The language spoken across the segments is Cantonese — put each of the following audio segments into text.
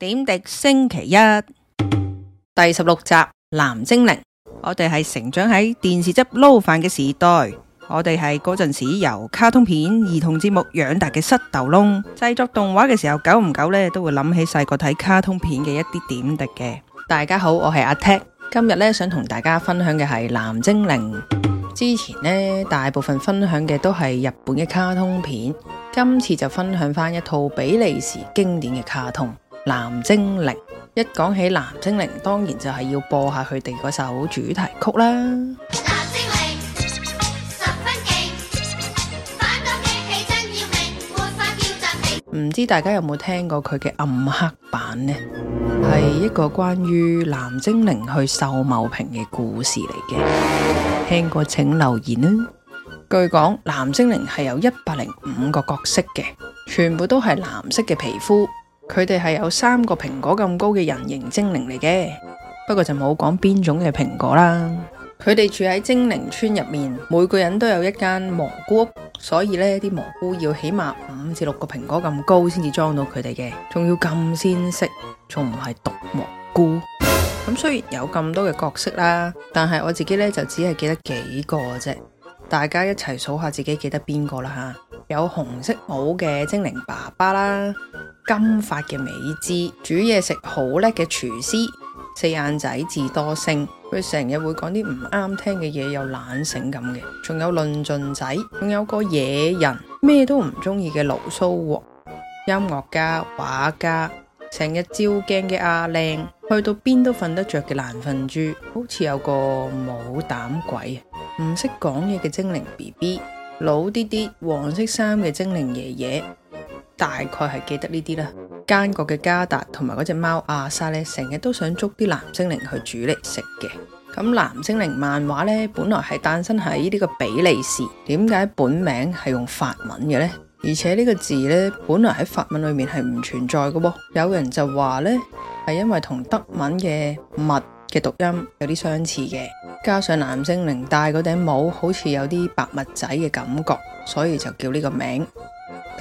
點滴星期一第十六集《藍精靈》，我哋係成長喺電視汁撈飯嘅時代，我哋係嗰陣時由卡通片、兒童節目養大嘅膝頭窿。製作動畫嘅時候，久唔久呢都會諗起細個睇卡通片嘅一啲點滴嘅。大家好，我係阿踢，今日呢，想同大家分享嘅係《藍精靈》。之前呢，大部分分享嘅都係日本嘅卡通片，今次就分享翻一套比利時經典嘅卡通。藍精靈一講起藍精靈，當然就係要播下佢哋嗰首主題曲啦。唔知大家有冇聽過佢嘅暗黑版呢？係一個關於藍精靈去秀茂坪嘅故事嚟嘅，聽過請留言啦。據講，藍精靈係有一百零五個角色嘅，全部都係藍色嘅皮膚。佢哋係有三個蘋果咁高嘅人形精靈嚟嘅，不過就冇講邊種嘅蘋果啦。佢哋住喺精靈村入面，每個人都有一間蘑菇屋，所以呢啲蘑菇要起碼五至六個蘋果咁高先至裝到佢哋嘅，仲要咁鮮色，仲唔係毒蘑菇。咁雖然有咁多嘅角色啦，但係我自己呢就只係記得幾個啫。大家一齊數下自己記得邊個啦吓，有紅色帽嘅精靈爸爸啦。金髮嘅美姿，煮嘢食好叻嘅廚師，四眼仔智多星，佢成日會講啲唔啱聽嘅嘢，又懶醒咁嘅。仲有論盡仔，仲有個野人，咩都唔中意嘅流蘇鍋，音樂家、畫家，成日照鏡嘅阿靚，去到邊都瞓得着嘅懶瞓豬，好似有個冇膽鬼，唔識講嘢嘅精靈 BB，老啲啲黃色衫嘅精靈爺爺。大概係記得呢啲啦。間國嘅加達同埋嗰隻貓阿沙咧，成日都想捉啲藍精靈去煮嚟食嘅。咁藍精靈漫畫呢，本來係誕生喺呢個比利時，點解本名係用法文嘅呢？而且呢個字呢，本來喺法文裏面係唔存在嘅喎、哦。有人就話呢，係因為同德文嘅物嘅讀音有啲相似嘅，加上藍精靈戴嗰頂帽好似有啲白襪仔嘅感覺，所以就叫呢個名。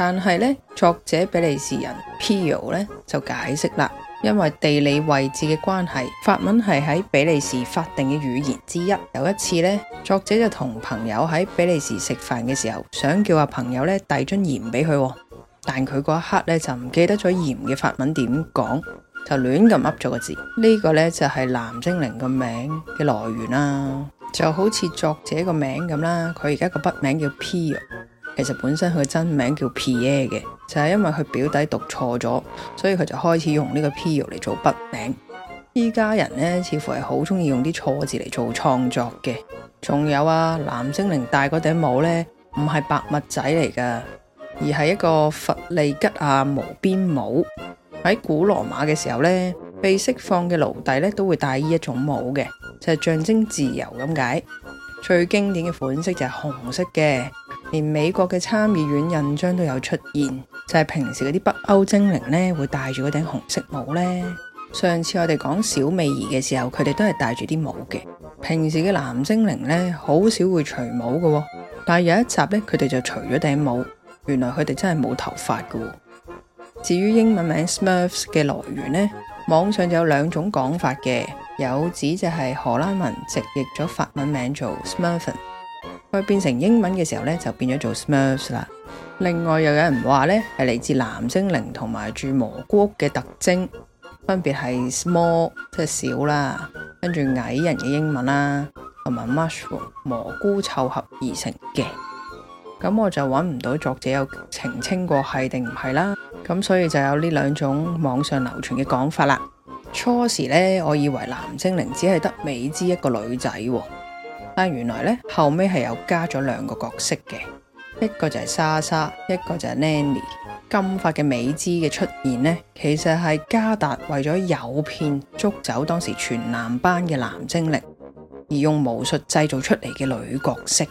但係呢，作者比利時人 Pio 呢就解釋啦，因為地理位置嘅關係，法文係喺比利時法定嘅語言之一。有一次呢，作者就同朋友喺比利時食飯嘅時候，想叫阿朋友呢遞樽鹽俾佢、哦，但佢嗰一刻呢就唔記得咗鹽嘅法文點講，就亂咁噏咗個字。呢、這個呢就係、是、藍精靈個名嘅來源啦、啊，就好似作者個名咁啦，佢而家個筆名叫 Pio。其實本身佢真名叫 PA 嘅，就係、是、因為佢表弟讀錯咗，所以佢就開始用呢個 p 尤嚟做筆名。依家人呢，似乎係好中意用啲錯字嚟做創作嘅。仲有啊，藍精靈戴嗰頂帽咧，唔係白襪仔嚟噶，而係一個佛利吉亞無邊帽。喺古羅馬嘅時候咧，被釋放嘅奴隸咧都會戴呢一種帽嘅，就係、是、象徵自由咁解。最經典嘅款式就係紅色嘅。連美國嘅參議院印章都有出現，就係、是、平時嗰啲北歐精靈咧會戴住嗰頂紅色帽呢。上次我哋講小美兒嘅時候，佢哋都係戴住啲帽嘅。平時嘅藍精靈咧好少會除帽嘅、哦，但係有一集咧佢哋就除咗頂帽，原來佢哋真係冇頭髮嘅、哦。至於英文名 Smurfs 嘅來源呢。網上就有兩種講法嘅，有指就係荷蘭文直譯咗法文名做 Smurfen。佢變成英文嘅時候呢，就變咗做 smurfs 啦。另外又有，有人話呢，係嚟自藍精靈同埋住蘑菇屋嘅特徵，分別係 small 即係小啦，跟住矮人嘅英文啦，同埋 mushroom 蘑菇湊合而成嘅。咁我就搵唔到作者有澄清過係定唔係啦。咁所以就有呢兩種網上流傳嘅講法啦。初時呢，我以為藍精靈只係得美知一個女仔、哦。但原來咧，後尾係有加咗兩個角色嘅，一個就係莎莎，一個就係 Nanny。金髮嘅美姿嘅出現呢，其實係加達為咗誘騙捉走當時全男班嘅藍精靈，而用巫術製造出嚟嘅女角色。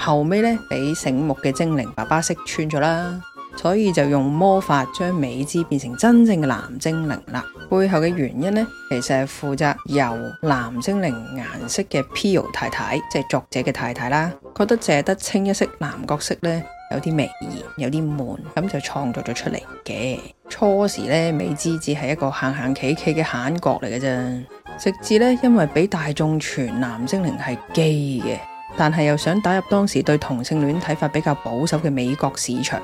後尾咧，俾醒目嘅精靈爸爸識穿咗啦，所以就用魔法將美姿變成真正嘅藍精靈啦。背後嘅原因呢，其實係負責由藍精靈顏色嘅 Pio 太太，即係作者嘅太太啦，覺得淨係得清一色藍角色呢，有啲微言，有啲悶，咁就創作咗出嚟嘅。初時呢，美姿只係一個行行企企嘅閒角嚟嘅啫，直至呢，因為俾大眾傳藍精靈係基嘅，但係又想打入當時對同性戀睇法比較保守嘅美國市場，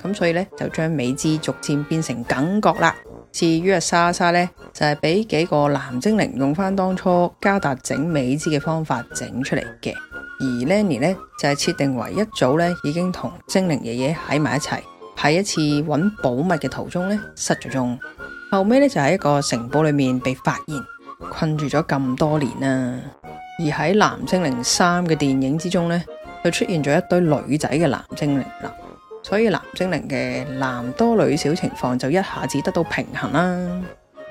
咁所以呢，就將美姿逐漸變成梗角啦。至於阿莎莎呢，就係、是、俾幾個藍精靈用翻當初加達整美姿嘅方法整出嚟嘅。而 Lenny 呢，就係、是、設定為一早呢已經同精靈爺爺喺埋一齊，喺一次揾寶物嘅途中呢失咗蹤，後尾呢，就喺、是、一個城堡裏面被發現困住咗咁多年啦、啊。而喺藍精靈三嘅電影之中呢，就出現咗一堆女仔嘅藍精靈啦。所以藍精靈嘅男多女少情況就一下子得到平衡啦。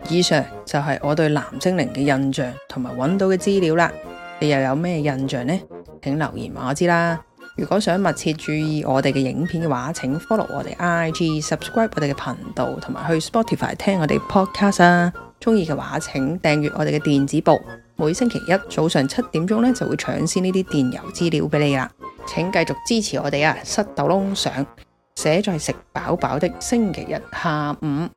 以上就係我對藍精靈嘅印象同埋揾到嘅資料啦。你又有咩印象呢？請留言話我知啦。如果想密切注意我哋嘅影片嘅話，請 follow 我哋 IG，subscribe 我哋嘅頻道，同埋去 Spotify 聽我哋 podcast 啊。中意嘅話，請訂閱我哋嘅電子報。每星期一早上七點鐘呢，就會搶先呢啲電郵資料俾你啦。請繼續支持我哋啊！塞豆窿上寫在食飽飽的星期日下午。